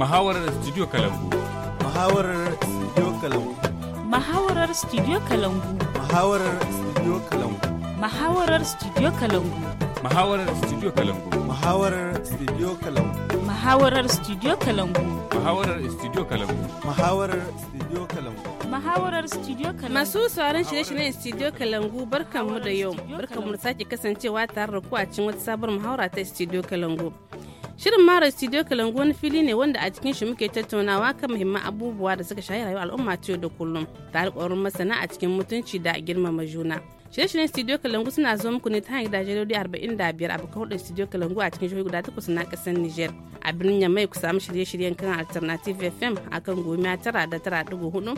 Muhawarar Studio Kalangu. Muhawarar Studio Kalangu. Muhawarar Studio Kalangu. Muhawarar Studio Kalangu. Muhawarar Studio Kalangu. Muhawarar Studio Kalangu. Muhawarar Studio Kalangu. Muhawarar Studio Kalangu. Muhawarar Studio Kalangu. Muhawarar Studio Kalangu. Muhawarar Studio Kalangu. Masu sauran shirye-shiryen Studio Kalangu barkanmu da yau. Barkanmu da sake kasancewa tare da ku a cikin wata sabuwar muhawara ta Studio Kalangu. Shirin Mara Studio Kalangu wani fili ne wanda a cikin shi muke tattaunawa kan muhimman abubuwa da suka shahi rayuwar al'umma ta da kullum tare alƙawarin masana a cikin mutunci da girmama juna. Shirye-shiryen Studio Kalangu suna zo muku ne ta hanyar gidajen rediyo arba'in da biyar abokan hulɗar Studio Kalangu a cikin jihohi guda takwas na ƙasar Nijar. A birnin Yamai ku samu shirye-shiryen kan Alternative FM akan gomiya tara da tara ɗigo hudu,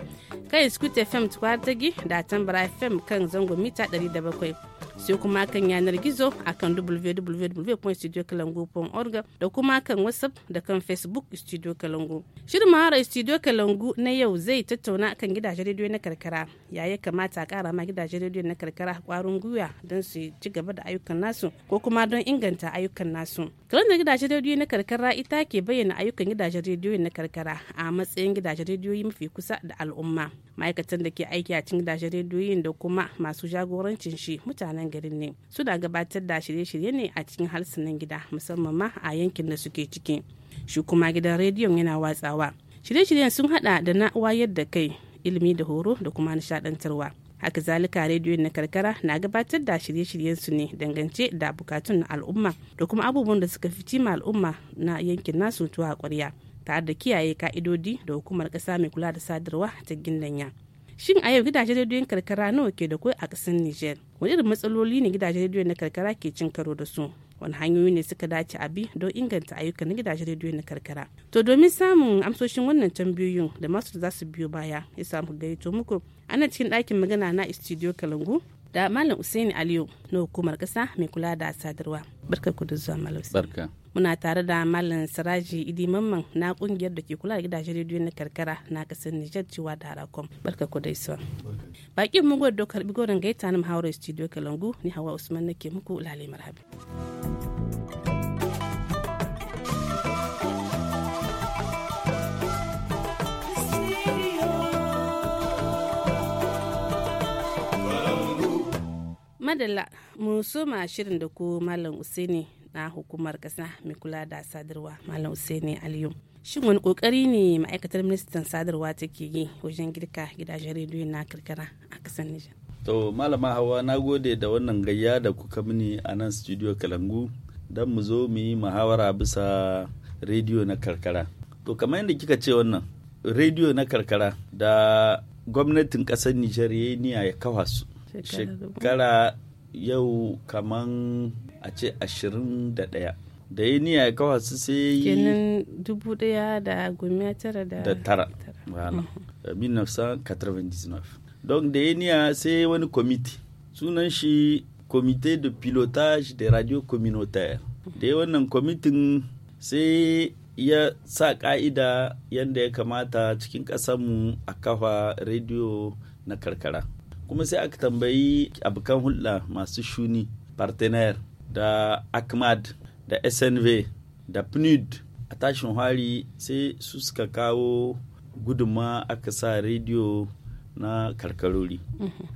kan Scoot FM tukwar tagi da Tambara FM kan zango mita ɗari da bakwai. sai kuma kan yanar gizo a akan www.studiokalangu.org da kuma kan whatsapp da kan facebook studio kalangu shirin mahara studio kalangu na yau zai tattauna kan gidajen rediyo na karkara ya ya kamata a kara ma gidajen rediyo na karkara kwarin gwiwa don su ci gaba da ayyukan nasu ko kuma don inganta ayyukan nasu kalandar gidajen rediyo na karkara ita ke bayyana ayyukan gidajen rediyo na karkara a matsayin gidajen rediyoyi mafi kusa da al'umma ma'aikatan da ke aiki a cikin gidajen rediyoyin da kuma masu jagorancin shi mutanen garin ne suna gabatar da shirye-shirye ne a cikin harsunan gida musamman ma a yankin da suke ciki shi kuma gidan rediyon yana watsawa shirye-shiryen sun hada da na wayar da kai ilimi da horo da kuma nishadantarwa haka zalika rediyon na karkara na gabatar da shirye shiryen su ne dangance da bukatun na al'umma da kuma abubuwan da suka fi cima al'umma na yankin nasu tuwa kwarya tare da kiyaye ka'idodi da hukumar ƙasa mai kula da sadarwa ta gindanya shin a yau gidajen rediyon karkara nawa ke da kwai a ƙasar niger wani irin matsaloli ne gidajen rediyon na karkara ke cin karo da su wani hanyoyi ne suka dace a bi don inganta ayyukan na gidajen rediyon na karkara to domin samun amsoshin wannan tambayoyin da masu da za su biyo baya ya samu gaito muku ana cikin ɗakin magana na studio kalangu da malam usaini aliyu na hukumar ƙasa mai kula da sadarwa barka ku da zuwa malam usaini muna tare da malam siraji idi mamman na kungiyar da ke kula da gidajen rediyo na karkara na kasar nijar cewa da harakom barka ku dai suwa bakin mun gwada karbi gorin gaita na mahawar studio kalangu ni hawa usman nake muku lalai marhabi madalla mu soma shirin da ku malam usaini na hukumar kasa mai kula da sadarwa malam Usaini Aliyu. Shin wani kokari ne ma'aikatar ministan sadarwa take yi wajen girka gidajen rediyo na karkara a kasar Nijar? To malama hawa na gode da wannan gayya da kuka mini a nan studio Kalangu don mu zo mu yi muhawara bisa rediyo na karkara. To kamar yadda kika ce wannan rediyo na karkara da gwamnatin kasar Nijar ya yi niyya ya kawa su. Shekara yau kaman a ce 21 da ya niya ya kawo su sai yi kenan dubu ɗaya da goma tara da tara wala 1999 don da ya niya sai wani kwamiti sunan shi comité de pilotage de radio communautaire da ya wannan kwamitin sai ya sa ka'ida yadda ya kamata cikin kasanmu a kafa rediyo na karkara kuma sai aka tambayi abokan hulɗa masu shuni partenaire da acmad da snv da pnud a tashin hari sai su suka kawo guduma aka sa rediyo na karkarori mhm.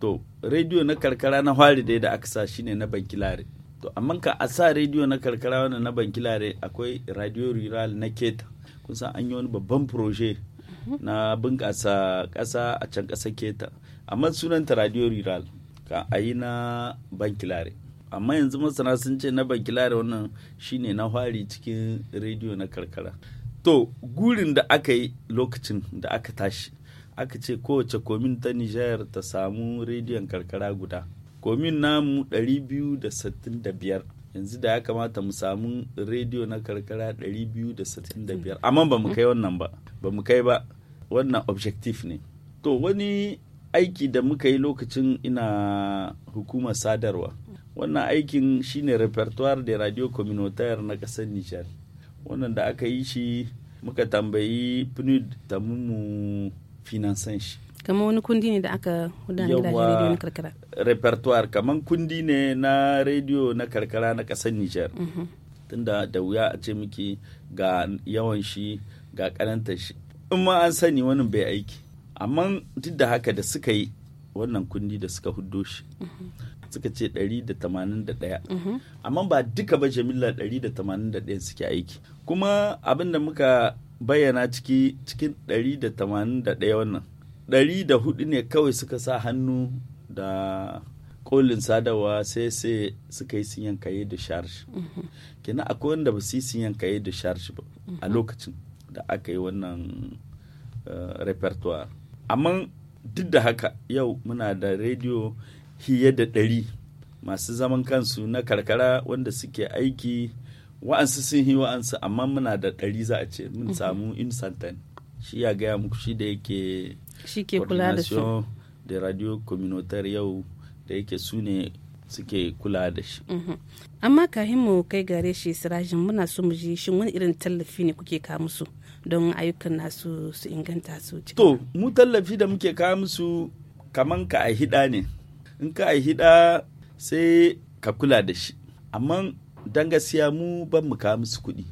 to rediyo na karkara na hari dai da aka sa shine na bankilare to amma ka a sa rediyo na karkara wanda na bankilare akwai radio rural na keta kun san an yi wani babban proje mhm. na bunƙasa kasa a can ƙasa keta amma sunanta radio rural ka a yi na bankilare amma yanzu masana sun ce na lare wannan shine na hwari cikin rediyo na karkara to gurin da aka yi lokacin da aka tashi aka ce kowace komin ta nijar ta samu rediyon karkara guda komin namu 265 yanzu da ya kamata mu samu rediyo na karkara 265 amma ba mu kai wannan ba ba mu kai ba wannan objective ne to wani aiki da muka yi lokacin ina hukumar sadarwa wannan aikin shine repertoire de radio communautaire na kasar nijar wannan da aka yi shi muka tambayi pnud ta mu finansan shi kamar wani kundi ne da aka gudanar da radio na karkara repertoire kamar kundi ne na radio na karkara na kasar nijar mhm. tunda da wuya a ce miki ga yawan shi ga karanta shi in ma an sani wani bai aiki amma duk da haka da suka yi wannan kundi da suka huddo shi mhm. suka ce 181 mhm. amma ba duka ba jamila 181 suke aiki kuma abin da muka bayyana ciki cikin 181 wannan 104 ne kawai suka sa hannu da kolin sadarwa sai sai suka yi sun yankaye da sharshi mhm. kina akwai wanda ba su yi sun yankaye da sharshi ba a mhm. lokacin da aka yi wannan eh, repertoire amma duk da haka yau muna da rediyo hiye da ɗari masu zaman kansu na karkara wanda suke aiki wa'ansu sun yi wa'ansu amma muna da ɗari za a ce mun mhm. samu insantan shi ya gaya muku shi da yake da radio communautaire yau da yake su ne suke kula da shi. Mhm. Amma kahin mu kai gare shi sirajin muna so mu ji shin wani irin tallafi ne kuke kawo musu don ayyukan nasu su inganta su. To mu tallafi da muke kawo musu kaman ka a hida ne in ka yi ɗa sai ka kula da shi amma don gaskiya mu ban mu kawo musu kuɗi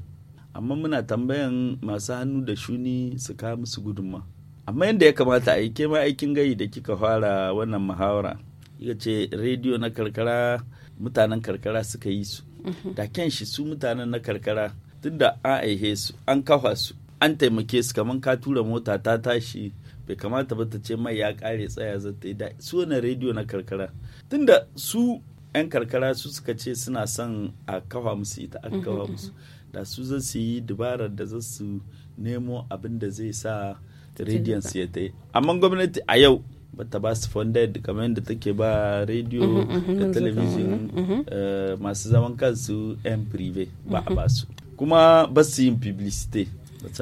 amma muna tambayan masu hannu da shuni su kawo musu gudunma amma yadda ya kamata a yi ke aikin gayi da kika fara wannan muhawara ya ce rediyo na karkara mutanen karkara suka yi su mhm. da ken shi su mutanen na karkara tunda an aihe su an kafa su an taimake su kamar ka tura mota ta tashi bai kamata ba ta ce mai ya kare tsaya za ta yi da su na rediyo na karkara tunda su 'yan karkara su suka ce suna son a kafa musu ita aka kafa musu da su za su yi dabarar da za su nemo abin da zai sa rediyon su ya ta yi amma gwamnati a yau bata ba su funded kamar yadda take ba rediyo mm-hmm, mm-hmm, da talabijin mm-hmm. eh, masu zaman kansu 'yan prive ba a ba su kuma ba su yin publicity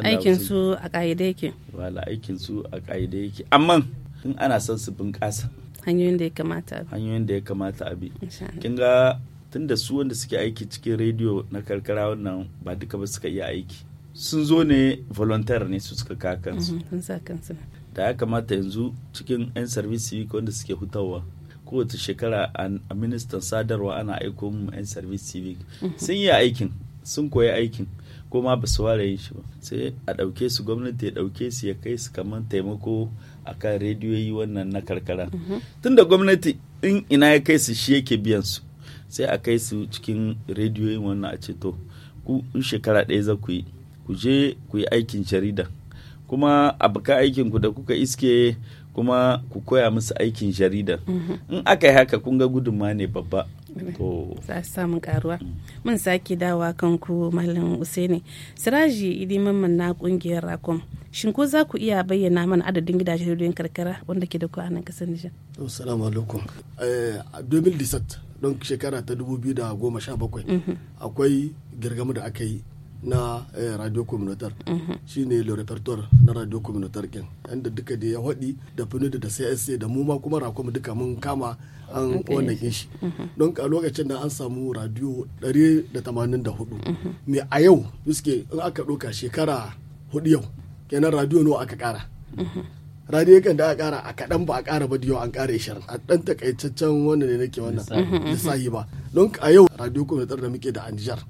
aikin su a ƙa'ida yake wala aikin su a ƙa'ida yake amma in ana son su bunƙasa hanyoyin da ya kamata hanyoyin da ya kamata abi kin ga tun da su wanda suke aiki cikin rediyo na karkara wannan ba duka ba suka iya aiki sun zo ne volunteer ne su suka ka mhm, kansu da ya kamata yanzu cikin 'yan service civic wanda suke hutawa kowace shekara a ministan sadarwa ana aiko mu 'yan service civic mhm. sun yi aikin sun koyi aikin ko ma ba su ware yin shi ba sai a ɗauke su gwamnati ya ɗauke su ya kai su kamar taimako a kan rediyoyi wannan na karkara mhm. tunda gwamnati in ina ya kai su shi yake biyan su sai a kai su cikin rediyoyin wannan a ce to ku in shekara ɗaya za ku yi ku je ku yi aikin jarida kuma a baka aikin ku da kuka iske kuma ku koya musu aikin jarida mhm. in aka yi haka kun ga gudunma ne babba za su samun karuwa mun sake dawa kanku malam usaini siraji idi mamman na kungiyar rakom shin ko za ku iya bayyana mana adadin gidajen rediyon karkara wanda ke da ku a nan kasar nijar assalamu alaikum eh, a 2017 don shekara ta 2017 mhm. akwai girgama da aka yi Eh, mhm. na radio communautaire ne le repertoire na radio communautaire kin inda duka da ya hadi da fini da CSA da mu ma kuma rakom duka mun kama an wannan okay. shi mhm. don a lokacin da an samu radio 184 mhm. me a yau suke in aka doka shekara hudu yau kenan radio nawa aka kara radio kan da aka kara a kadan ba a kara ba yau an kara 20 a dan takaitaccen wannan ne nake wannan lissahi ba don a yau radio communautaire da muke da Anjar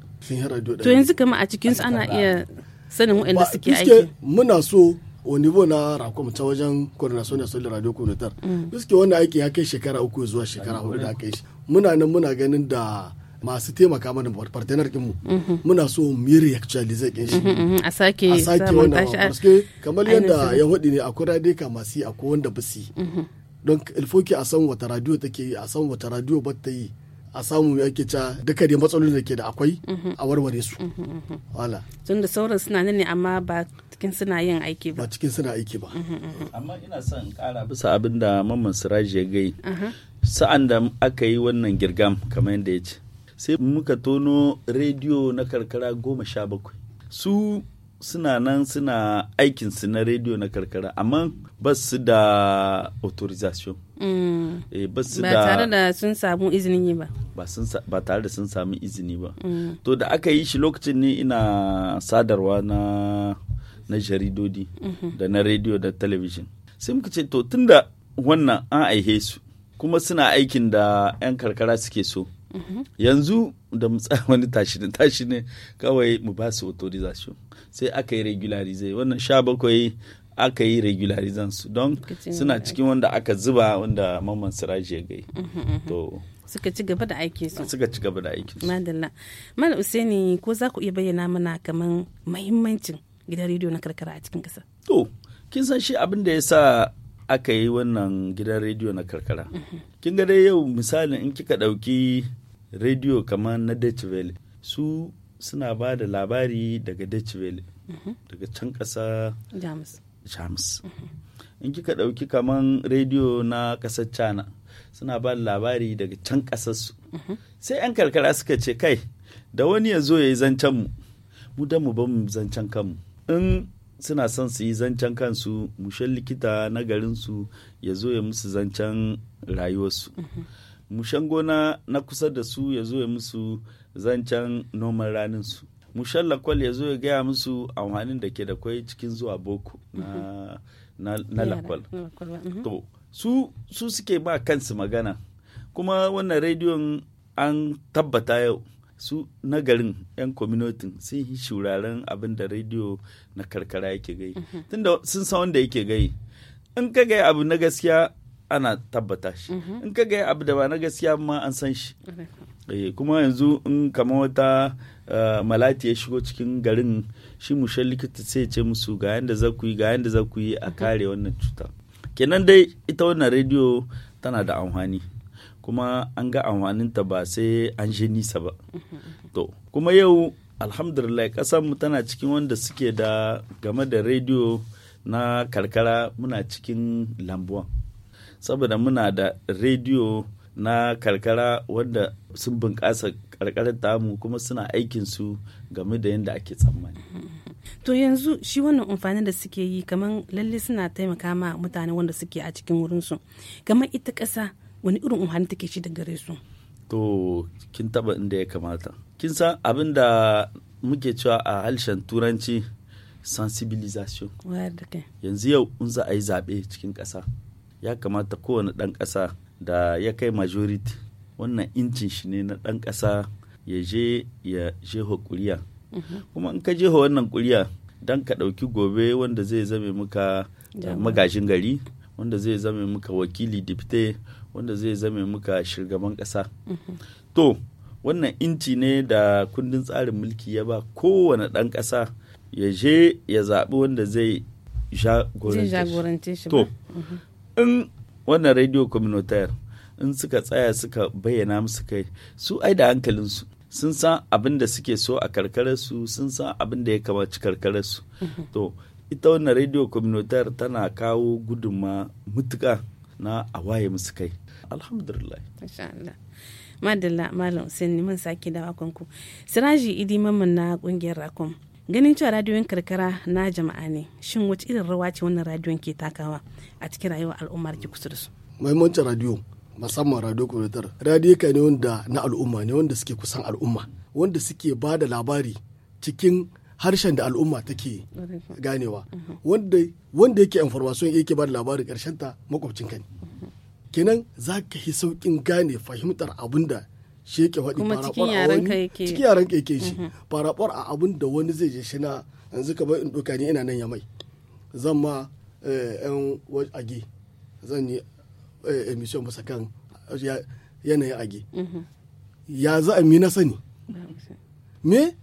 to yanzu kama a cikin su ana iya sanin waɗanda suke aiki muna so au nivo na rakom ta wajen coordination national solar radio communautaire mm. biske wannan aiki ya kai shekara uku zuwa shekara hudu da aka yi muna nan muna ganin da masu taimaka mana partner kinmu mm-hmm. muna so mu yi reactualize kin shi mm-hmm, mm-hmm. a sake a sake wannan biske kamar yadda ya hudi ne akwai ka masu yi akwai wanda ba su yi don ilfoki a san wata radio take yi a san wata radio ba ta yi a samu ya ke ca duka matsalolin da ke da akwai mhm. a warware su mhm, mhm, wala tun da sauran suna nan ne amma ba cikin suna yin aiki ba ba cikin suna aiki ba amma ina son kara bisa abin da mamman Siraj ya gai sa'an da aka yi wannan girgam kamar yadda ya ce sai muka tono rediyo na karkara goma sha bakwai su suna nan suna aikinsu na rediyo na karkara amma ba su da authorization ba tare da sun samu izini ba ba tare da sun samu izini ba to da aka yi shi lokacin ne ina sadarwa na na jaridodi mhm. da na rediyo da talabijin sai muka ce to tunda wannan an aihe su kuma suna aikin da 'yan karkara suke so mhm. yanzu da wani tashi ne tashi ne kawai mu ba su authorization sai aka yi regularize wannan sha bakwai aka yi regularizan su don suna cikin wanda aka zuba wanda mamman siraji ya gai mm-hmm, mm-hmm. to suka ci gaba da aikin su suka ci gaba da aiki su madalla malam usaini ko za ku iya bayyana mana kaman muhimmancin gidan rediyo na karkara a cikin kasa to kin san shi abin da yasa aka yi wannan gidan rediyo na karkara mm-hmm. kin ga dai yau misalin in kika dauki rediyo kamar na Dutch su suna ba da labari daga Dutch mhm. daga can ƙasa Jamus. Mhm. In kika ɗauki kamar rediyo na ƙasar China suna ba da labari daga can ƙasarsu. Mhm. Sai 'yan karkara suka ce kai da wani ya zo ya yi zancen mu, mu da mu ba mu zancen kanmu. In suna son su yi zancen kansu mushen likita na garinsu ya zo ya musu zancen rayuwarsu. Mm -hmm. mushan gona na kusa da su ya zo ya musu zancen noman ranin su mushan lakwal ya zo ya gaya musu amfanin da ke da kwai cikin zuwa boko na, na, na lakwal mhm. su, su suke ba kansu magana kuma wannan rediyon an tabbata yau su na garin 'yan kwaminotin sun yi shuraren abin da rediyo na karkara yake gai mhm. tunda sun san wanda yake gai in ka gai abu na gaskiya ana tabbata shi mhm. in ka ga abu da ba na gaskiya ma an san shi eh, kuma yanzu in kama wata eh, malati ya shigo cikin garin shi mushen likita sai ce musu ga yanda za ku yi ga yanda za ku yi a mhm. kare wannan cuta kenan dai ita wannan rediyo tana da amfani kuma an ga ta ba sai an je nisa ba mhm, to kuma yau alhamdulillah mu tana cikin wanda suke da game da rediyo na karkara muna cikin lambuwan saboda muna da rediyo na karkara wanda sun bunƙasa karkarar tamu kuma suna aikinsu game da yadda ake tsammani. To yanzu shi wannan amfani da suke yi kamar lalle suna taimaka ma mutane wanda suke a cikin wurinsu. Kamar ita ƙasa wani irin amfani take shi da gare su. To kin taba inda ya kamata. Kin san abin da muke cewa a harshen turanci sensibilisation. Yanzu yau in za a yi zaɓe cikin ƙasa. ya kamata kowane ɗan ƙasa da ya kai majority wannan incin shi ne na ɗan ƙasa ya je ya jeho kuriya mhm. kuma in ka jeho wannan kuriya don ka ɗauki gobe wanda zai zame muka eh, magajin gari wanda zai zame muka wakili dipte wanda zai zame muka shirgaban ƙasa mhm. to wannan inci ne da kundin tsarin mulki ya ba kowane ɗan ƙasa ya je ya zaɓi wanda zai jagorance shi to mhm. in wannan radio communautaire in suka tsaya suka bayyana musu kai su ai da hankalinsu sun san abin da suke so a karkararsu sun san abin da ya kamaci karkararsu mhm. to ita wannan radio communautaire tana kawo gudunma mutuka na a waye musu kai alhamdulillah madalla malam sai mun sake dawa kanku siraji idi mamman na kungiyar rakom ganin cewa radiyon karkara na jama'a ne shin wace irin rawa ce wannan radiyon ke takawa a cikin rayuwar al'ummar ke kusa da su muhimmancin radiyo musamman radio kwamitar radiyo ka ne wanda na al'umma ne wanda suke kusan al'umma wanda suke ba da labari cikin harshen da al'umma take ganewa wanda wanda yake information yake ba da labari karshen ta makwabcin ka ne kenan za ka yi sauƙin gane fahimtar abin da shi yake faɗi kuma cikin yaran ka yake cikin yaran ka yake shi mhm. farafor a abin da wani zai je shi na yanzu ka bai in ni ina nan ya mai zan ma yan eh, age zan yi eh, emission bisa kan yanayin age mhm. ya za a mi na sani me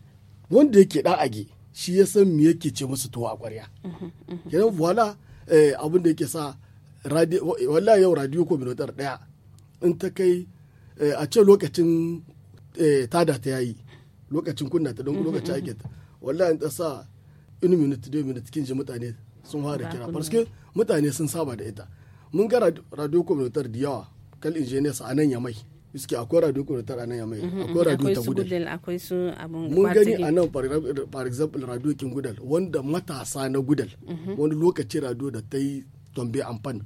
wanda yake da age shi ya san me yake ce musu tuwa a ƙwarya mhm, kenan voila eh, abin da yake sa wallahi yau radio ko minotar ɗaya in ta kai Eh, a ce lokacin eh, tada ta yayi lokacin kunna ta don lokacin mm-hmm. ake ta wallahi ta sa in minute da minute kin ji mutane sun fara kira parce mutane sun saba da ita mun ga radio communitar da yawa kal engineers a nan yamai iske akwai radio communitar a nan yamai mm-hmm. akwai radio ta gudal akwai su abun mun gani a nan for example radio kin gudal wanda matasa na gudal mm-hmm. wani lokaci radio da ta yi tombe amfani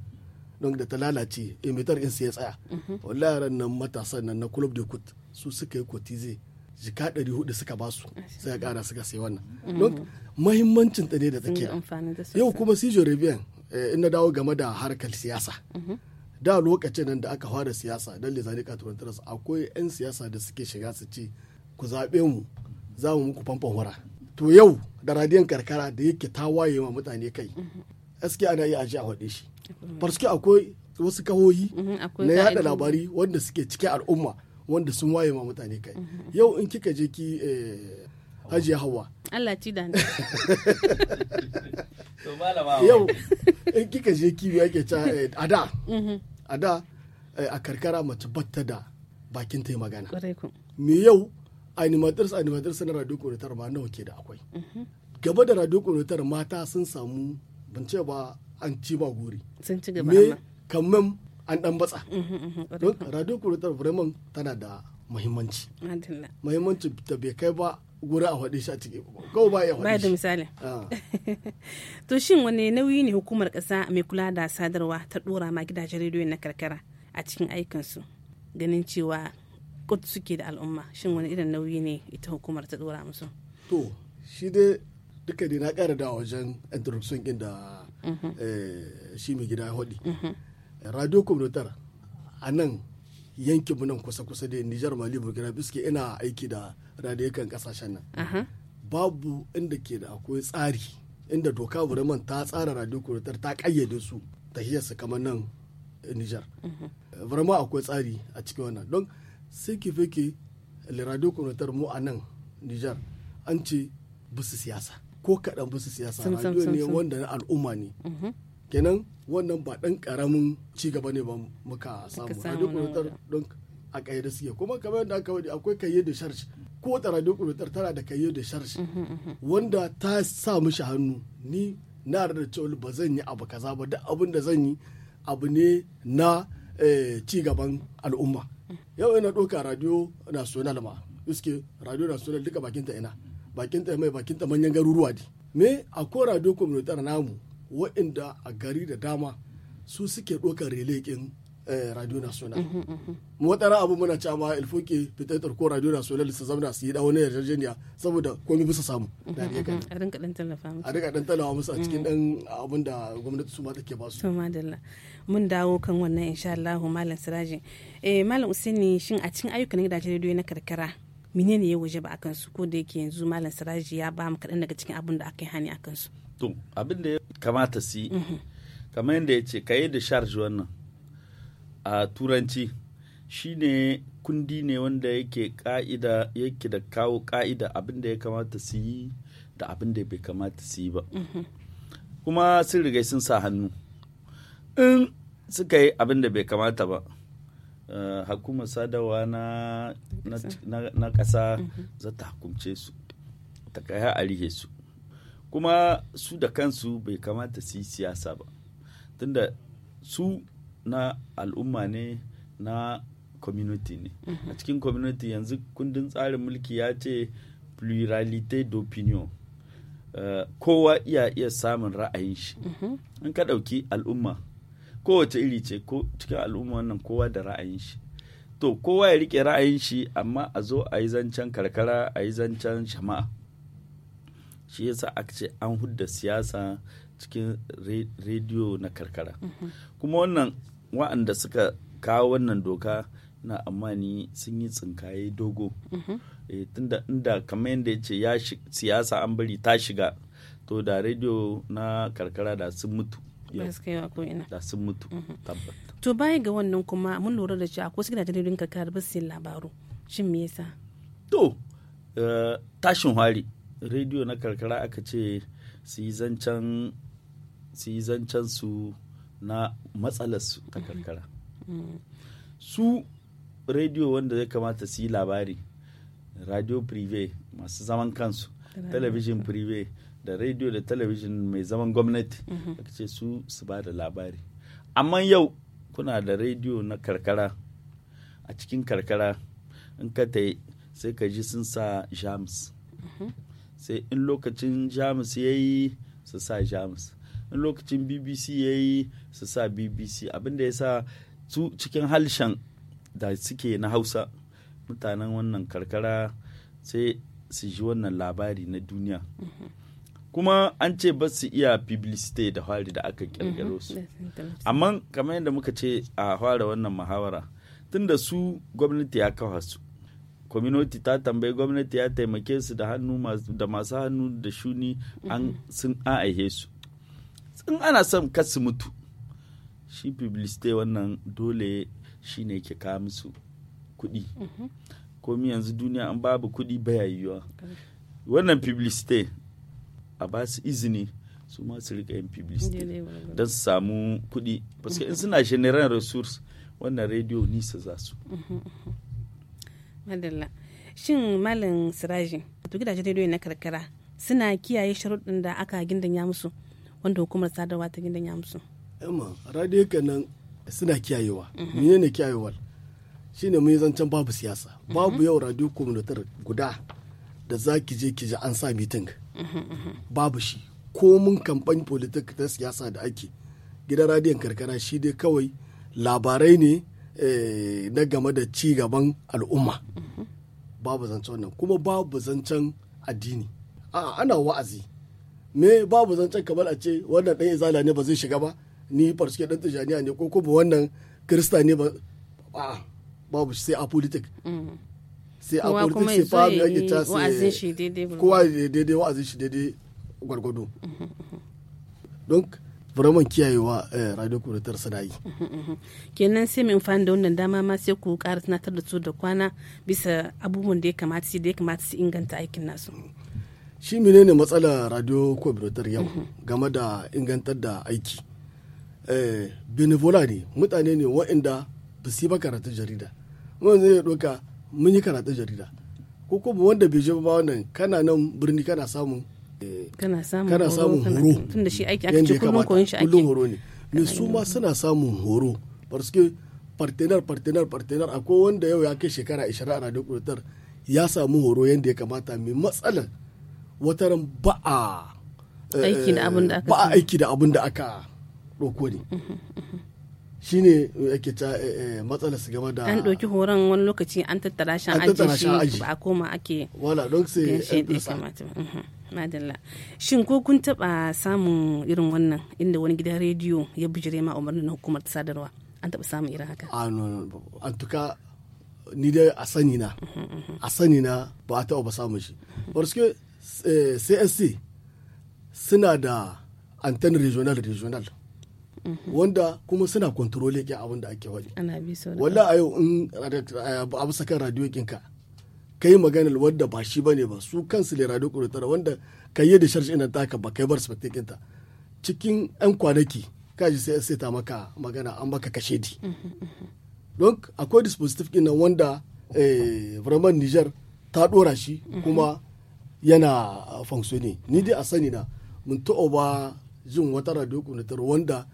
don da ta lalace emitar in ya tsaya mhm. wallahi yaran nan matasan nan na club de kut su suka yi kotize jika ɗari hudu suka basu su sai ƙara suka sai wannan don mahimmancin ta ne da tsakiya yau kuma si rebian in eh, na dawo game da harkar siyasa mhm. da lokacin nan da aka fara siyasa don lizani katurantarsa akwai 'yan siyasa da suke shiga su ce ku zaɓe mu za mu muku famfon wara to yau da radiyon karkara da yake ta waye wa mutane kai mhm. gaskiya ana iya aji a haɗe shi farske akwai wasu kahoyi mhm, na yada labari wanda suke cike al'umma wanda sun waye ma mutane kai yau in kika je ki eh, haji hawa Allah ci da yau in kika je ki yake ta eh, a da mhm. a da eh, a karkara mace batta da bakin ta yi magana me yau animatars animatars na radio kuritar ma nawa ke da akwai mhm. gaba da radio kuritar mata sun samu ban ce ba an ci ba gori sun ci gaba me kamar an dan batsa mm-hmm, mm-hmm, mm-hmm, don radio kuritar vraiment tana da muhimmanci muhimmanci da bai kai ba gura a faɗi shi a cikin gau ba ya faɗi ba da misali ah. to shin wani nauyi ne hukumar ƙasa mai kula da sadarwa ta ɗora ma gidajen rediyo na karkara a cikin aikinsu ganin cewa kud suke da al'umma shin wani irin nauyi ne ita hukumar ta ɗora musu to shi dai duka dai na ƙara da wajen introduction ɗin da Eh, shi mai gida hodi mhm. radio communautaire a nan yankinmu nan kusa-kusa da nijar mali burkina biske ina aiki da radio kan kasashen nan babu inda ke da akwai tsari inda doka buraman ta tsara radio communautaire ta kayyade su ta tahiyarsa kamar nan eh, nijar burama mhm. eh, akwai tsari a cikin wannan don sai ke fake le radio communautaire mu a nan nijar an ce bisu siyasa ko kaɗan su siyasa radio ne wanda na al'umma ne mhm. kenan wannan ba ɗan ƙaramin ci ne ba muka samu radio kurutar don a ƙayyade suke kuma kamar yadda aka wadi akwai kayyade sharci ko ta radio kurutar tana da kayyade sharci mhm, mhm, wanda ta sa mishi hannu ni na da cewa ba zan yi abu kaza ba duk abin da zan yi abu ne na eh, cigaban gaban al'umma yau ina ɗauka radio national ma iske radio national duka bakinta ina bakin ta mai bakin ta manyan garuruwa ne me a kora do na namu waɗanda a gari da dama su suke ɗaukar relekin eh, radio national mu wadara abu muna cewa ma ilfoke fitaitar ko radio national su zamna su yi dawo na yarjejeniya saboda komai bisa samu a rinka dan tallafa musu a rinka dan tallafa musu a mm. cikin dan abin da gwamnati su ma take ba su to madalla mun dawo kan wannan insha Allah malam siraji eh malam usaini shin a cikin ayyukan gidajen radio na karkara menene ya waje ba akan su ko da yake yanzu malam siraji ya ba mu kaɗan daga cikin abin da aka yi hani akan su to abin da ya kamata su yi mhm. kamar yadda ya ce kayi da charge wannan a turanci shine kundi ne wanda yake ka'ida yake da kawo ka'ida abin da ya kamata su yi da abin da bai kamata su yi ba mhm. kuma sun riga sun sa hannu in suka yi abin da bai kamata ba hakuma eh, hukumar sadarwa na, na, ƙasa mhm. za ta hukumce su ta kaya a su kuma su da kansu bai kamata su yi siyasa ba tunda su na al'umma ne na community ne mhm. a cikin community yanzu kundin tsarin mulki ya ce pluralité d'opinion eh, kowa iya iya samun ra'ayin shi mhm. in ka ɗauki al'umma kowace iri ce ko cikin al'umma wannan kowa da ra'ayin shi to kowa ya rike ra'ayin shi amma a zo a yi zancen karkara a yi zancen jama'a shi yasa aka ce an hudda siyasa cikin rediyo na karkara mm-hmm. kuma wannan wa'anda suka kawo wannan doka na amani sun yi tsinkaye dogo mm-hmm. eh, tunda inda kamar yadda ya ce siyasa an bari ta shiga to da rediyo na karkara da sun mutu ba kaiwa ko ina da sun mutu mhm. to baya ga wannan kuma mun lura da cewa akwai su gidajen rediyon kakar ba su labaru shin me yasa to eh, tashin hari rediyo na karkara aka ce su yi zancen su na matsalar su ta mhm. karkara mhm. su rediyo wanda ya kamata su yi labari radio prive masu zaman kansu television prive da rediyo da talabijin mai zaman gwamnati mhm. aka ce su su ba da labari amma yau kuna da rediyo na karkara a cikin karkara in ka ta sai ka ji sun sa jamus mhm. sai in lokacin jamus ya yi su sa jamus in lokacin bbc ya yi su sa bbc abinda ya sa su cikin halshen da suke na hausa mutanen wannan karkara sai su ji wannan labari na duniya mhm. kuma an ce ba su iya publicity da hwari da aka kirkiro mhm. su amma kamar yadda muka ce a hwara wannan muhawara tun da su gwamnati ya kawo su community ta tambayi gwamnati ya taimake su da hannu da masu hannu da shuni an mhm. sun aihe su in ana son kasu mutu shi publicity wannan dole shi ne ke kawo musu kuɗi mhm. komi yanzu duniya an babu kuɗi bayayyuwa wannan publicity a ba su izini su ma su rika yin publicity don su samu kuɗi paske in suna general resource wannan rediyo nisa za su madalla shin malin sirajin to gidajen rediyo na karkara suna kiyaye sharuɗin da aka ya musu wanda hukumar sadarwa ta ya musu yamma radiyo nan suna kiyayewa mene ne kiyayewar shine mun yi zancen babu siyasa mhm. babu yau radio communitar guda da za ki je ki ji an sa miting babu shi komin mun kamfani politik ta siyasa da ake gidan radiyon karkara shi dai kawai labarai ne eh, na game da ci gaban al'umma babu zancen wannan kuma babu zancen addini a ana wa'azi me babu zancen kamar a ce wannan dan izala ne ba zai shiga ba ni farske dan tijaniya ne ko kuma wannan kirista ne ba a babu sai a politik sai a kuma sai fa ya ke ta wa'azin shi daidai kowa daidai wa'azin shi daidai gwargwado don vraiment kiyayewa eh, radio kuritar suna yi kenan sai min fani da wannan dama ma sai ku kara tunatar da su da kwana bisa abubuwan da ya kamata su da ya kamata su inganta aikin nasu shi ne matsala radio kuritar yau game da ingantar da aiki eh, benevola ne mutane ne wa'inda ba su yi ba karatun jarida wanda zai doka. mun yi karatun jarida ko kuma wanda bai je ba wannan kana nan birni kana samun eh, kana samun horo tunda shi aiki aka ce kullum koyon shi kullum horo ne me su ma suna samun horo parce que partenar partenar partenar akwai wanda yau ya kai shekara 20 a radio kudutar ya samu horo yadda ya kamata mai matsalar wataran ba a aiki da abin da aka roko ne mhm, mhm, mhm. shine ake ta eh, eh, matsala su game da an ɗauki horon wani lokaci an tattara shi an ajiye shi ba a koma ake wala don sai mhm, madalla shin ko kun taɓa samun irin wannan inda wani gidan rediyo ya bijire ma umarnin hukumar sadarwa an taɓa samun irin haka a ah, no an tuka ni dai a sani na mhm, mhm. a sani na ba a taɓa samun shi parce csc eh, suna da antenne regional regional wanda kuma suna kontrole kin abin da ake wani wala a yau in eh, a bisa kan radio kinka ka yi maganar wadda ba shi bane ba su kansu ne radio kurutar wanda ka yi da sharshi nan taka ba kai bar spectacle cikin yan kwanaki kaji sai sai ta maka magana an baka kashe di mhm, mhm. don akwai dispositif ɗin wanda eh, vraiment Niger ta ɗora shi mhm. kuma yana fansoni ni dai a sani na mun taɓa ba jin wata radio kunatar wanda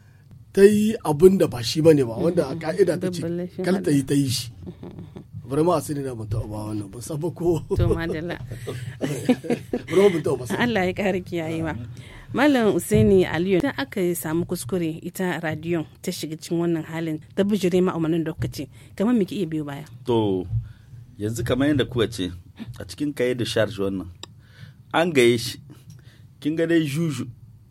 ta yi abin da ba shi ba ne ba wanda a mm-hmm. ka'ida ta ce kalta ta yi ta yi shi bari ma sani na mutu ba wannan ba saba ko to madalla bari mutu ba Allah ya kare kiyaye ba Malam Usaini Aliyu ta aka samu kuskure ita radio ta shiga cikin wannan halin da bijire ma umarnin da kuka ce kamar miki iya biyo baya to yanzu kamar yadda kuka ce a cikin kayi da charge wannan an gaye shi kin ga dai juju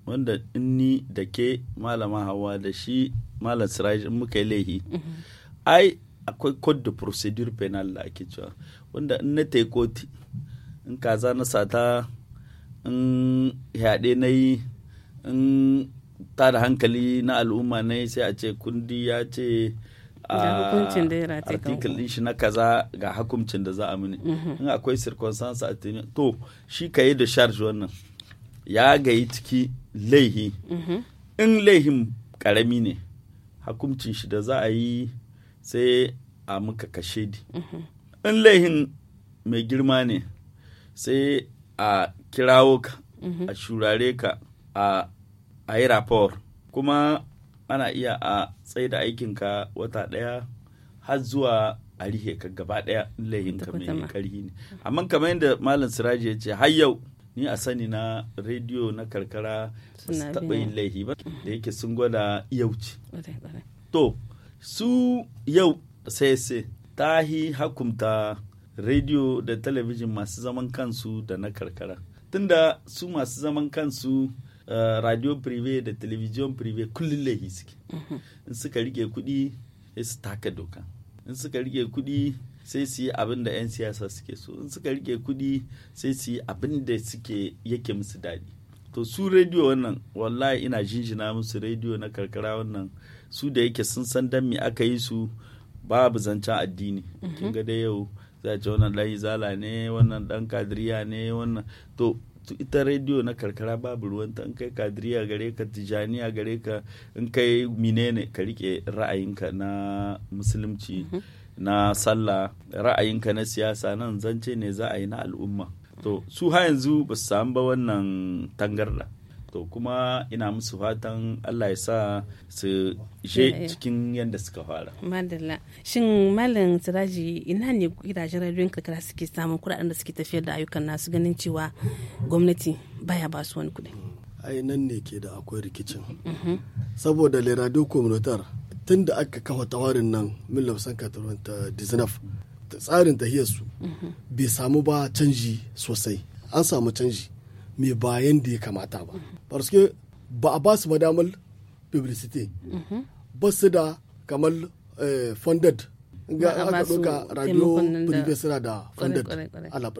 wanda in ni da ke malama hawa da shi malam siraj in muka yi laihi mhm. ai akwai code de procedure penal da ake cewa wanda in na tai koti in kaza na sata in yaɗe na yi in ta da hankali na al'umma na yi sai a ce kundi ya ce a ah, article din shi na kaza ga hukuncin da za a mini mhm. in akwai circumstance a to shi ka yi da charge wannan ya gayi ciki laihi mhm. in laihin karami ne hakumcin shi da za a yi sai a muka kashe di mhm. in laihin mai girma ne sai a kirawo ka mhm. a shurare ka a yi rapor kuma ana iya a tsaye da aikinka wata ɗaya har zuwa a rihe ka gaba ɗaya laihin ka mai karhi ne amma kamar yadda malam siraji ya ce har yau ni a sani na rediyo na karkara ba su taɓa yin laihi ba da yake sun gwada yauci to su yau sai sai ta hakumta rediyo da talabijin masu zaman kansu da na karkara tunda su masu zaman kansu uh, radio prive da television prive kullum laihi suke mhm. in suka rike kuɗi su taka doka in suka rike kuɗi sai su yi abin da 'yan siyasa suke so in suka rike kudi sai su yi abin da suke yake musu daɗi to su rediyo wannan wallahi ina jinjina musu rediyo na karkara wannan su da yake sun san dan me aka yi su babu zancen addini mhm. kin ga da yau za ce wannan dan izala ne wannan dan kadiriya ne wannan to ita rediyo na karkara babu ta in kai kadiriya gare ka tijaniya gare ka in kai menene ka rike ra'ayinka na musulunci mm -hmm. na sallah ra'ayinka na siyasa nan zance ne za a yi na al'umma to su ha yanzu ba su samu ba wannan tangarda to kuma ina musu fatan allah ya sa su ishe eh, eh. cikin yadda suka fara madalla shin malam siraji ina ne gidajen radiyon karkara suke samun kuɗaɗen da suke tafiyar da ayyukan nasu ganin cewa gwamnati baya ba su wani kuɗi ai nan ne ke da akwai rikicin mhm. saboda le radio communautaire tun da aka kafa tawarin nan ta tsarin tahiyarsu bai samu ba canji sosai an samu canji mai bayan da ya kamata ba parce ba a ba su madamar publicity ba su da kamar eh, funded ga aka doka radio privé da funded a la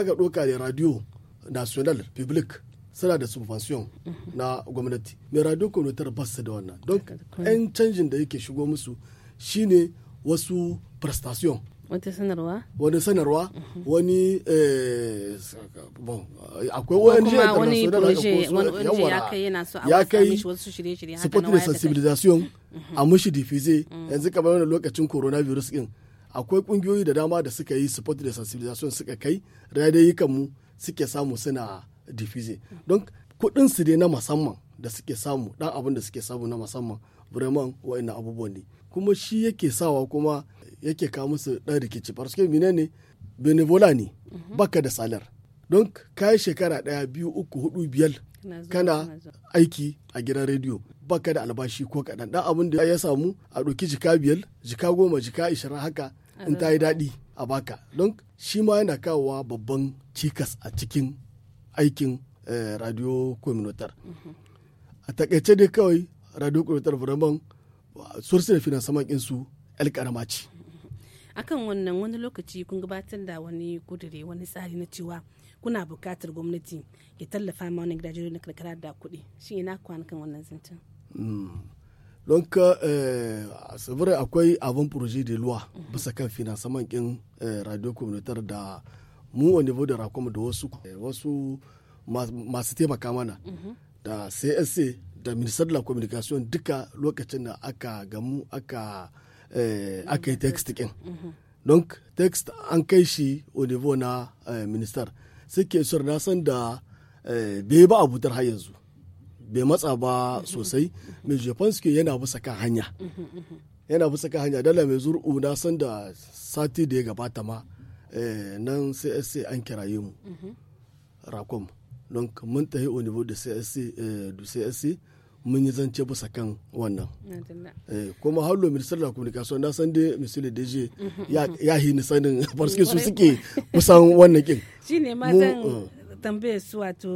aka doka da radio national public suna da subvention na gwamnati mai radio communautaire ba su da wannan don yan canjin da yake shigo musu shine wasu prestation wani sanarwa wani sanarwa mhm. wani eh, akwai ONG ya kai support da sensibilisation mhm. a mushi difize mhm. yanzu kamar wani lokacin coronavirus din akwai kungiyoyi da dama da suka yi support da sensibilisation suka kai radayukan mu suke samu suna difize don kuɗin su dai na musamman da suke samu dan abin da suke samu na musamman vraiment wa'annan abubuwan ne kuma shi yake sawa kuma yake kawo musu dan rikici suke mine ne benevola mhm. ne baka da salar don kayi shekara daya biyu uku hudu biyar kana aiki a gidan rediyo baka da albashi ko kaɗan dan abin da ya samu a ɗauki jika biyar jika goma jika ishirin haka in ta yi daɗi a baka don shi ma yana kawowa babban cikas a cikin aikin eh, radio communautaire a takaice dai kawai radio communautaire vraiment source da finansaman su yar karama ce akan wannan wani lokaci kun gabatar da wani kudure wani tsari na cewa kuna buƙatar gwamnati ya tallafa ma wani gidajen na karkara da kuɗi shi ina kwanakan wannan zancen hmm. don ka tsibirai eh, akwai abin projet de loi bisa kan finansaman kin eh, radio communautaire da mu a niveau da rakom da wasu eh, wasu masu taimaka mana mhm. da csa da minister de la communication duka lokacin da aka gamu aka eh, aka yi text ɗin mhm. don text an kai shi a niveau na eh, minister suke sur na san da bai ba abutar har yanzu bai matsa ba mhm. sosai mai japan suke yana bisa kan hanya yana bisa kan hanya dala mai zur'u na san da sati da ya gabata ma Eh, nan csc an yi mu mhm. rakom don mun tafi au niveau da csc eh, du csc mun yi zance bisa kan wannan eh, kuma hallo minister da communication na san dai monsieur le dg mhm. ya yi ni sanin barske su suke kusan wannan kin shine ma zan tambaye su wato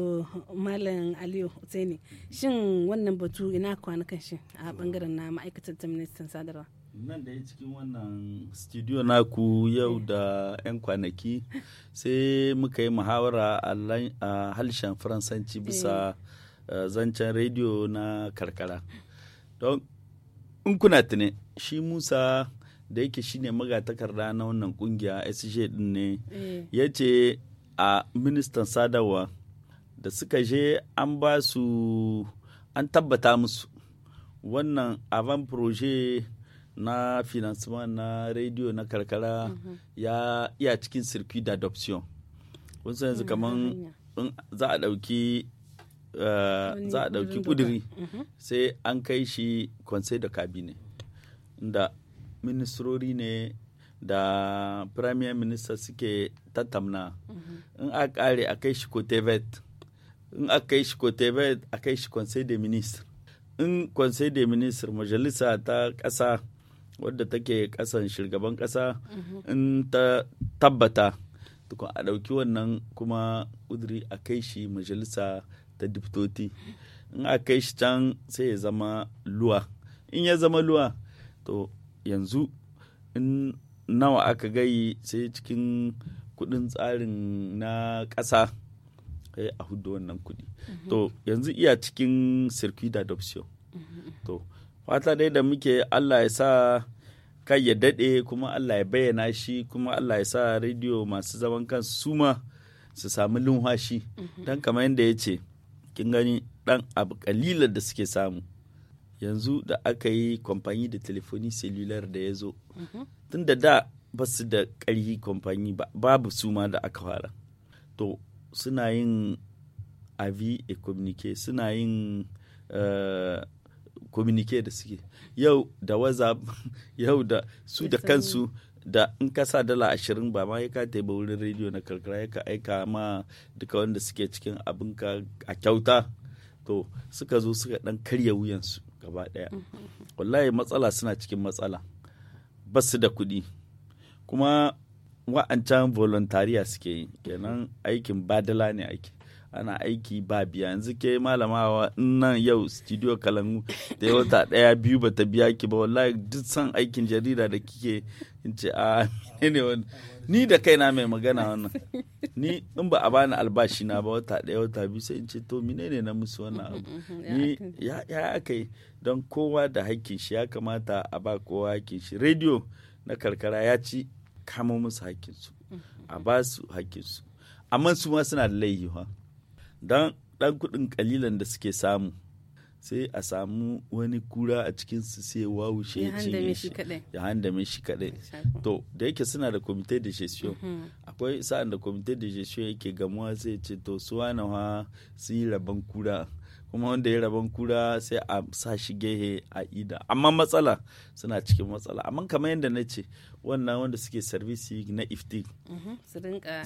malam aliyu hussaini shin wannan batu ina kwanakan shi a bangaren na ma'aikatar ta ministan sadarwa nan da ya cikin wannan studio naku yau da 'yan kwanaki sai muka yi muhawara a halshen faransanci bisa eh. Eh, zancen rediyo na karkara don in kuna tune shi musa da yake shine magatakarda na wannan kungiya sj din ne eh. ya ce a ministan sadarwa da suka je an ba su an tabbata musu wannan avant projet na financement na radio na karkara mm -hmm. ya iya cikin circuit d'adoption kun san yanzu mm, kaman za a dauki eh, za a dauki kudiri mhm. sai an kai shi conseil de cabinet da ministrori ne da premier minister suke tattamna mhm. in a kare a kai shi cotevet in a kai shi cotevet a kai shi conseil de ministre. in conseil de ministre majalisa ta kasa. wadda take kasan shugaban kasa mhm. in ta tabbata tukun a ɗauki wannan kuma kuduri a kai shi majalisa ta diptoti in a kai shi can sai ya zama luwa in ya zama luwa to yanzu in nawa aka gai sai cikin kudin tsarin na ƙasa a hudu wannan kudi mhm. to yanzu iya cikin circuit adoption mhm. to fata dai da muke allah ya sa kai ya daɗe kuma allah ya bayyana shi kuma allah ya sa rediyo masu zaman kansu suma su samu lumhashi mhm. don kamar yadda ya ce kin gani ɗan abu kalilar da suke samu yanzu da aka yi kwamfani da telefoni cellular da ya zo mhm. tun da da ba su da ƙarfi kwamfani babu suma da aka fara to suna yin avi e communique suna yin eh, communique da suke yau da whatsapp yau da su da kansu da in ka sa dala ashirin ba ma ya ka ba wurin rediyo na karkara ya ka aika ma duka wanda suke cikin ka a kyauta to suka zo suka dan karya wuyansu gaba daya mm-hmm. wallahi matsala suna cikin matsala ba su da kuɗi kuma wa'ancan volontariya suke yi kenan aikin badala ne ake ana aiki ba biya yanzu ke malamawa nan yau studio kalangu da ya wata daya biyu ba ta biya ki ba wallahi duk san aikin jarida da kike in ce a ah, ne wani ni da kaina mai magana wannan ni in ba a bani albashi na ba wata daya wata biyu sai in ce to mine ne na musu wannan abu ni ya aka yi don kowa da hakkin shi ya kamata a ba kowa hakkin shi radio na karkara ya ci kama musu su a ba su su amma su ma suna da laihi dan ɗan kuɗin ƙalilan da suke samu sai a samu wani kura a cikin su sai wawu shi ya cinye shi ya handame shi kaɗai to da yake suna da comité de gestion mhm. akwai sa'an da comité de gestion yake gamuwa sai ce to su wani ha su yi rabon kura kuma wanda ya rabon kura sai a sa shi gehe a ida amma matsala suna cikin matsala amma kamar yadda na ce wannan wanda suke sarbisi na ifti mhm,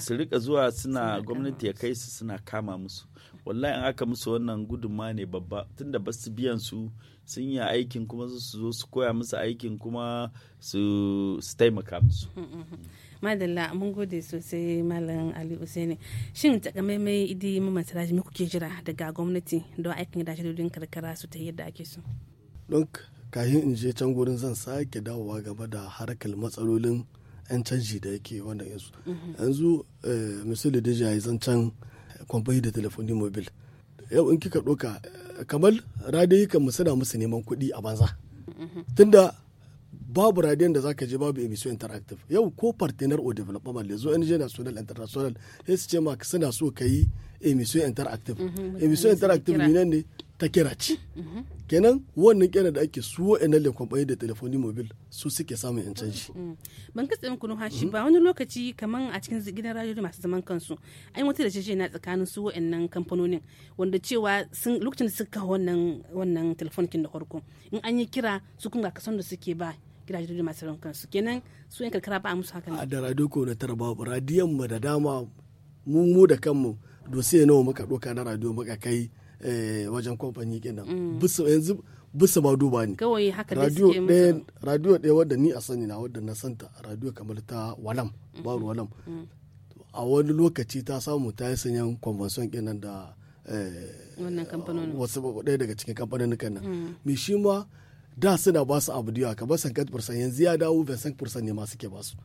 su rika zuwa suna gwamnati ya kai su suna kama musu wallahi an aka musu wannan gudunma ne babba tunda ba su biyan su sun yi aikin kuma su zo su koya musu aikin kuma su taimaka musu mhm, mhm, madalla mun gode sosai malam ali usaini shin takamaimai idi mu siraji mu kuke jira daga gwamnati don aikin da shirin karkara su ta yadda ake so don kayan in je can gurin zan sake dawowa gaba da harkar matsalolin yan canji da yake wanda yanzu mhm. yanzu eh, misali da zan can eh, kwamfani da telefoni mobil yau in kika ɗauka eh, kamar radiyo kan mu suna musu neman kuɗi a banza mhm. tunda babu radiyon da zaka je babu emission interactive yau ko partner o development lezo NG national international sai suna so ka yi emission interactive emission mhm, interactive minan ne ta kira ci mhm. kenan wannan kira da ake suwo le kwamfani da telefoni mobil su suke samun yan canji mm, mm. ban katse kunu hashi ba wani lokaci kaman a cikin gidan da masu zaman kansu an wata da na tsakanin su wa'annan kamfanonin wanda cewa sun lokacin da suka wannan wannan telefonikin da farko in an yi kira su kuma ga kasan da suke ba gidajen da masu zaman kansu kenan su yan karkara ba a musu haka a da radio ko na tarba radiyon mu da dama mu mu da kanmu dosiye nawa muka ɗauka na radio muka kai eh, wajen kamfani kenan mm. bisa yanzu bisa ma duba ne kawai haka radio ɗaya radio ɗaya wadda ni a sani na wadda na santa radio kamar ta walam baro walam mm. a wani lokaci ta samu ta yi sanyan convention kenan da eh, wasu ɗaya daga cikin kamfanin kenan mm. me shi ma da suna ba su abu da yawa kamar san fursan yanzu ya dawo bai san fursan ne ma suke ba su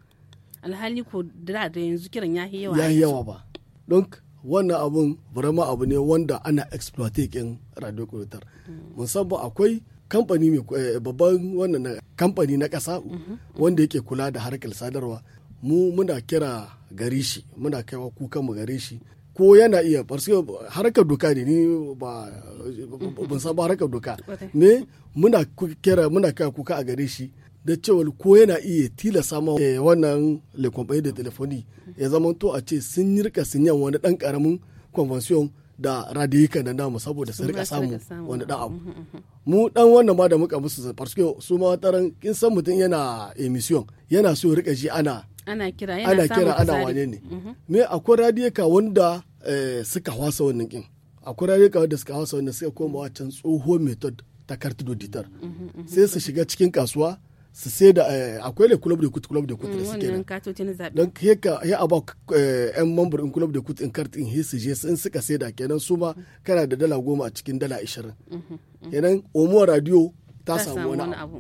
alhali ko da da yanzu kiran ya yi yawa ya yawa ba don wannan abun burama abu ne wanda ana exploitation radio commuter musamman akwai kamfani mai eh, babban wannan kamfani na ƙasa wanda yake kula da harkar sadarwa mu muna kira gare shi muna kaiwa kuka mu gare shi ko yana iya farsiyo harkar doka ne ni ba ban san ba harkar doka ne muna kira muna kai kuka a gare shi da cewa ko yana iya tilasa ma eh, wannan le da telefoni ya zama to a ce sun rika sun yan wani dan karamin convention da radiyika da namu saboda su rika samu wani dan abu mm, mm, mm, mu dan wannan ma da muka musu parce su ma taron kin san mutum yana emission yana so rika ji ana ana kira yana ana kira ana wane ne mm-hmm. me akwai radiyika wanda eh, suka hwasa wannan kin akwai radiyika wanda suka hwasa wannan suka koma wacan tsoho method ta carte d'auditeur mm-hmm, mm-hmm. sai su shiga cikin kasuwa su sai da eh, akwai ne club de kut club de kut mm, da suke nan don ke ka ya aba eh, yan member in club de kut in kart in hisu je in suka sai da kenan su ma kana da dala goma a cikin dala ashirin mm-hmm, mm-hmm. kenan omo radio ta samu wani abu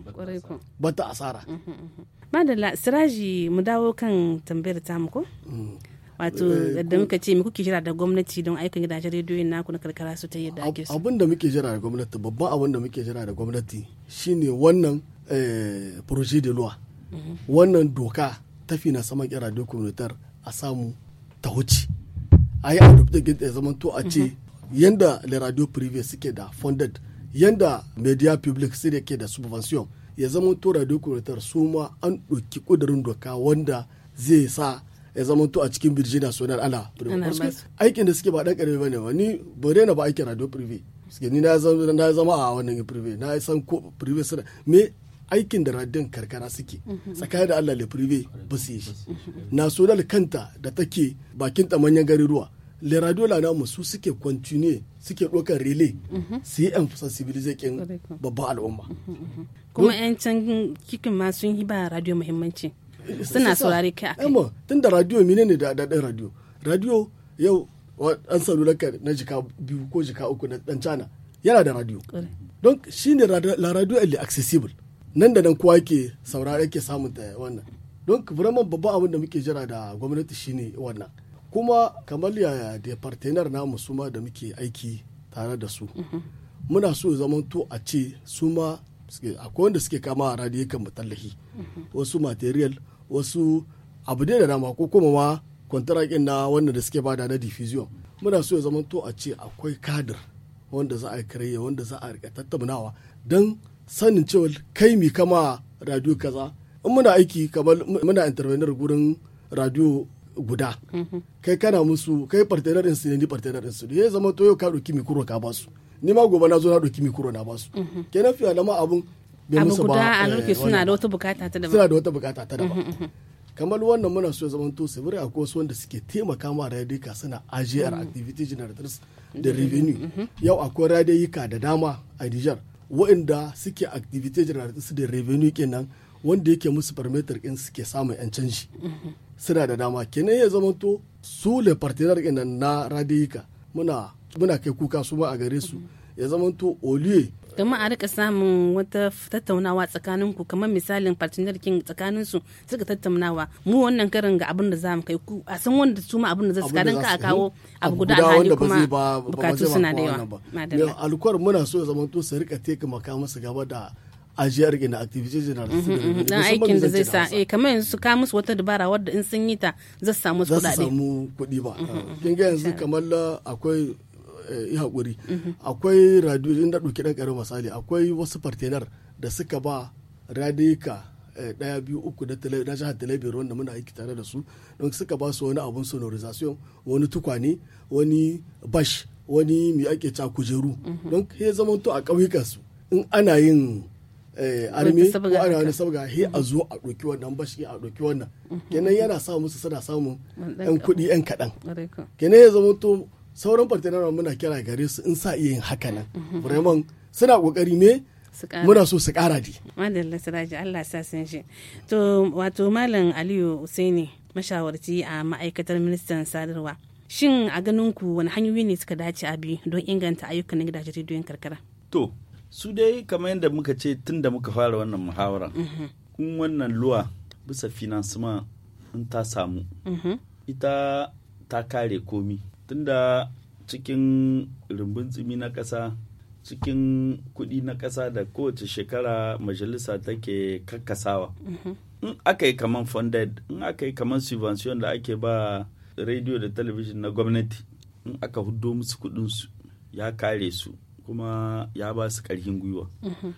ba ta asara mm-hmm, madalla siraji mu dawo kan tambayar ta ko mm. wato eh, da muka ce muku jira da gwamnati don aikin gidajen rediyoyin naku na karkara su ta yadda ake su abin da muke jira da gwamnati babban abin da muke jira da gwamnati shine wannan Eh, projet de loi wannan doka tafi na saman kira radio communautaire a samu ta wuce a yi da ya zamanto a ce mhm. yadda le radio privé suke da funded yadda media public suke ke da subvention ya zama to radio communautaire su ma an ɗauki ƙudurin doka wanda zai sa ya zama to a cikin virginia national ana aikin da suke ba dan karfi bane ba ni bare na ba aikin radio privé suke ni na zama a wannan privé na san ko privé suna me aikin da radiyon karkara suke mhm. mhm. tsakanin da Allah Leprive ba su yi shi kanta da take bakin tamanyan garuruwa le radio la namu su suke continue suke ɗaukar relay mhm. su yi yan sensibilizakin babban al'umma kuma yancin can kikin ma sun yi ba radio muhimmanci eh, suna saurari kai akai tun da radio mine ne da daɗin radio radio yau an salulanka na jika biyu ko jika uku na dan cana yana da radio don ne la radio elle accessible nan da nan kowa ke saurare ke samun ta wannan don vraiment babban abin da muke jira da gwamnati shine wannan kuma kamar yaya da partenar namu su ma da muke aiki tare da su mhm. muna so zaman to a ce su akwai wanda suke kama radiyo mu matallahi mhm. wasu material wasu abu da dama ko kuma ma kwantarakin na wanda da suke bada na diffusion muna so ya zaman to a ce akwai kadir wanda za a kare wanda za a rika tattaunawa don sanin cewa kai mi kama radio kaza in muna aiki kamar muna intervenir gurin radio guda kai kana musu kai partner din su ne ni partner din su ne zama to yau ka doki mikro ka ba su ni ma gobe na zo na doki mikro na ba su kenan fiya da abun bai musu ba guda a eh, lokaci suna da wata bukata ta daban suna da wata bukata ta daban mm-hmm, mm-hmm. kamar wannan muna so zaman to su bari akwai wasu wanda suke taimaka ma radio ka suna AGR mm. activity generators da mm-hmm, revenue yau akwai radio yika da dama a Niger waɗanda suke activity generating su da revenue kenan wanda yake musu parameter ɗin suke samun 'yan canji suna da dama kenan ya zamanto su le partner kenan na radiyika muna muna kai kuka su ma a gare su ya zamanto oliye domin a rika samun wata tattaunawa tsakanin ku kamar misalin partner king tsakanin su suka tattaunawa mu wannan karin ga abin da za mu kai ku a san wanda su ma abin da za su kadan ka kawo abu guda alhali kuma bukatu suna da yawa alkuwar muna so ya zamanto su rika teka makaman su gaba da ajiyar gina activities na da mhm, mhm. aikin da zai sa eh kamar yanzu su kamus musu wata dabara wadda in sun yi ta za su samu kudade. za su samu kudi ba mhm, kin ga yanzu kamar akwai Eh, yi haƙuri akwai radio inda ɗauki ɗan ƙarin misali akwai wasu partenar da suka ba radika eh, ɗaya biyu uku na jihar talabiyar wanda muna aiki tare da su don suka ba su wani abun sonorization wani tukwane wani bash wani mai ake ca kujeru don ya zama to a ƙauyukansu in ana yin eh, arme ko ana wani sabga he a zo a ɗauki wannan bashi a ɗauki wannan mhm. kenan yana sa musu suna samun yan kuɗi yan kaɗan kenan ya zama to sauran partner muna kira gare su in sa iya yin haka nan vraiment suna kokari me muna so su kara di madalla siraji Allah sa sun shi to wato malam Aliyu Usaini mashawarci a ma'aikatar ministan sadarwa shin a ganin ku wani hanyoyi ne suka dace a biyu don inganta ayyukan na gidajen rediyon karkara to su dai kamar yadda muka ce tun da muka fara wannan muhawara mhm. kun wannan luwa bisa finansima in ta samu mhm. ita ta kare komi tunda cikin rumbun tsimi na ƙasa cikin kuɗi na ƙasa da kowace shekara majalisa take kakkasawa mm-hmm. in aka yi kaman funded in aka yi kaman subvention da ake ba radio da television na gwamnati in aka hudo musu kuɗinsu ya kare su kuma ya ba su ƙarfin gwiwa mm-hmm.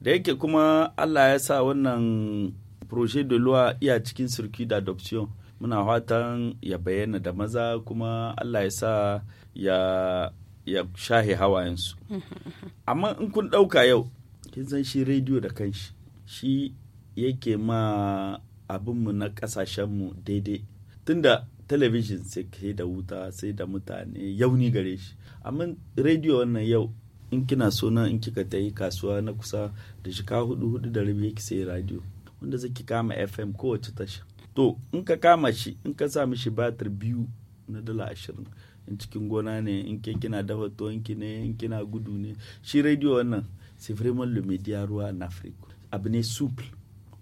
da yake kuma allah ya sa wannan projet de loi iya cikin circuit d'adoption muna fatan ya bayyana da maza kuma allah ya sa ya ya shahe hawayensu amma in kun ɗauka yau kin san shi rediyo da kanshi shi yake ma abinmu na mu daidai tunda talabijin sai ke da wuta sai da mutane yauni gare shi amma rediyo wannan yau in kina so na in kika ta yi kasuwa na kusa da shi ka hudu hudu da rabi yake sai radio wanda zai kama fm kowace tasha to in ka kama shi in ka sa mishi batir biyu na dala ashirin in cikin gona ne in ke kina dafa ki ne in kina gudu ne shi rediyo wannan c'est vraiment ruwa en Afrique abu ne souple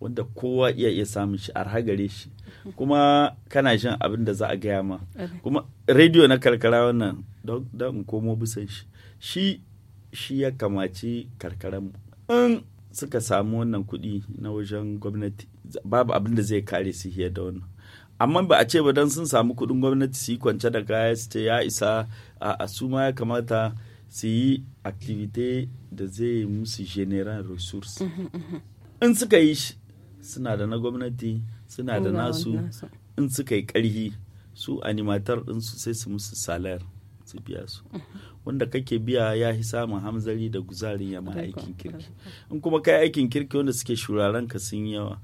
wanda kowa iya iya samun shi arha gare shi kuma kana jin abin da za a gaya ma kuma rediyo na karkara wannan don komo bisan shi shi shi ya kamaci karkaran in suka samu wannan kuɗi na wajen gwamnati babu abin da zai kare su hiyar da wannan amma ba a ce ba don sun samu kuɗin gwamnati su yi kwance da kaya su ce ya isa a su ma ya kamata su yi activity da zai musu general resource uhm, uhm, uhm, in suka yi shi suna da na gwamnati suna da nasu in suka yi ƙarhi su animatar su sai su musu salar su biya su wanda kake biya ya fi samun hamzari da guzarin yama aikin kirki in kuma kai aikin kirki wanda suke shuraren ka sun yawa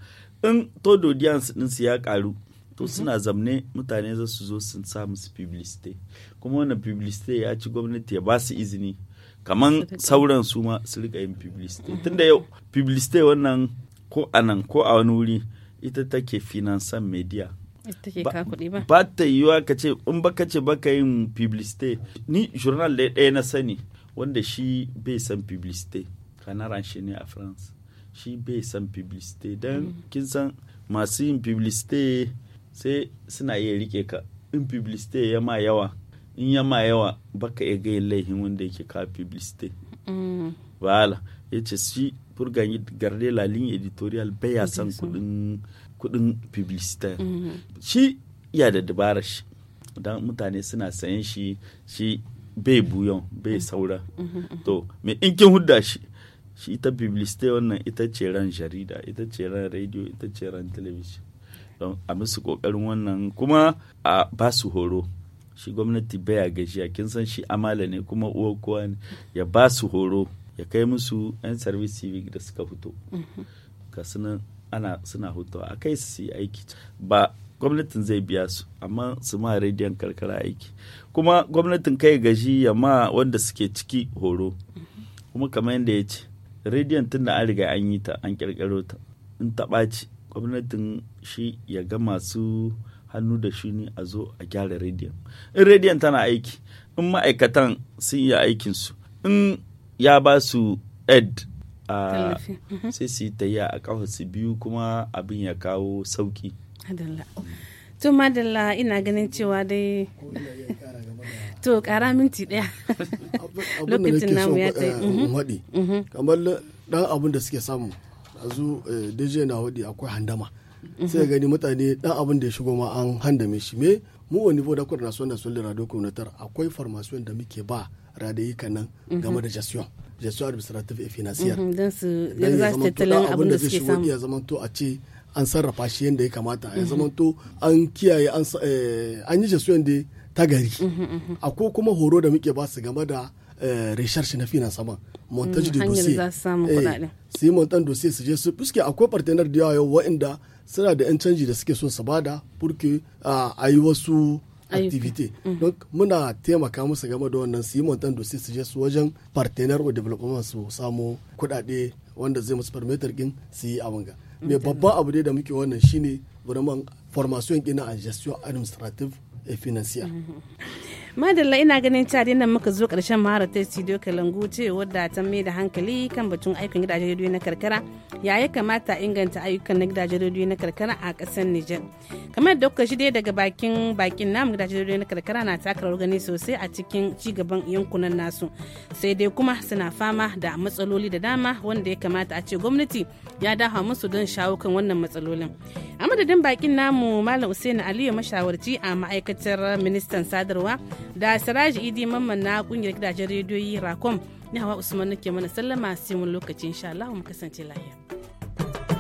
in to audience ɗinsu ya ƙaru to suna zamne mutane za su zo sun sa musu publicity kuma wannan publicity ya ci gwamnati ya ba su izini kaman sauran su ma su rika yin publicity tunda yau publicity wannan ko a nan ko a wani wuri ita take finansan media ba ta yi ka ce in baka ce baka yin publicity ni journal da ɗaya na sani wanda shi bai san publicity kana shi ne a france shi bai san publicity don mm. kin san masu yin publicity sai suna iya rike ka in publicity ya ma yawa in ya ma yawa baka iya ga laihin wanda yake ka publicity mm. wala ya ce shi furgan garde la ligne editorial ya san kudin kudin publicity mm. shi ya da dabarar shi don mutane suna sayan shi shi bai buyon bai saura mm-hmm. to me in kin hudda shi shi ita bibliste wannan ita ce ran jarida ita ce ran radio ita ce ran television don a musu kokarin wannan kuma a ba su horo shi gwamnati baya gajiya kin san shi amala ne kuma uwa kowa ne ya ba su horo ya kai musu 'yan service civic da suka fito ka suna ana suna hutawa a kai su yi aiki ba gwamnatin zai biya su amma su ma rediyon karkara aiki kuma gwamnatin kai gaji ya ma wanda suke ciki horo kuma kamar yadda ya ce rediyon tun da an riga an yi ta an kirkiro ta in taɓa ɓaci gwamnatin shi ya ga masu hannu da shuni a zo a gyara rediyon in rediyon tana aiki in ma'aikatan sun yi aikinsu in ya ba su ed a sai su yi a kafa su biyu kuma abin ya kawo sauki to madalla ina ganin cewa dai to kara minti daya lokacin namu ya kai mhm. waɗi mhm. kamar dan abin da suke samu azu eh, dj na wadi akwai handama mhm. sai gani mutane dan abin da ya shigo ma an handame shi me mu wani bo da kwar na son da sun lura dokumentaire akwai farmasiyon da muke ba radayi kanan game da jasiyon jasiyon administrative et financière don su yanzu za su tattalin abin da suke samu ya zama to a ce an sarrafa shi yadda ya kamata ya mhm. zamanto an kiyaye an eh, yi jesu yadda ta gari mhm, mhm, akwai kuma horo da muke ba game da shi eh, na fina sama montage de dossier eh, su yi montan dossier su je su fuske akwai partenar da yawa waɗanda suna da yan canji da suke son su bada burke a yi wasu activity don muna taimaka musu game da wannan su yi montan dossier su je su wajen partenar wa development su samu kudade wanda zai musu permitter din su yi abin ga mai babban abu ne da muke wannan shine vraiment formation ina a gestion administrative et financière mm-hmm. madalla ina ganin cewa nan muka zo karshen mahara ta studio kalangu ce da ta mai da hankali kan batun aikin gidajen rediyo na karkara ya ya kamata inganta ayyukan na gidajen rediyo na karkara a kasar nijar kamar da kuka shi dai daga bakin bakin namu gidajen rediyo na karkara na taka rawar gani sosai a cikin cigaban yankunan nasu sai dai kuma suna fama da matsaloli da dama wanda ya kamata a ce gwamnati ya dafa musu don shawo kan wannan matsalolin a madadin bakin namu malam usaini aliyu mashawarci a ma'aikatar ministan sadarwa da siraji idi mamman na kungiyar gidajen rediyoyi rakom ni hawa usman nake mana sallama sai mun lokacin insha Allah mu kasance lafiya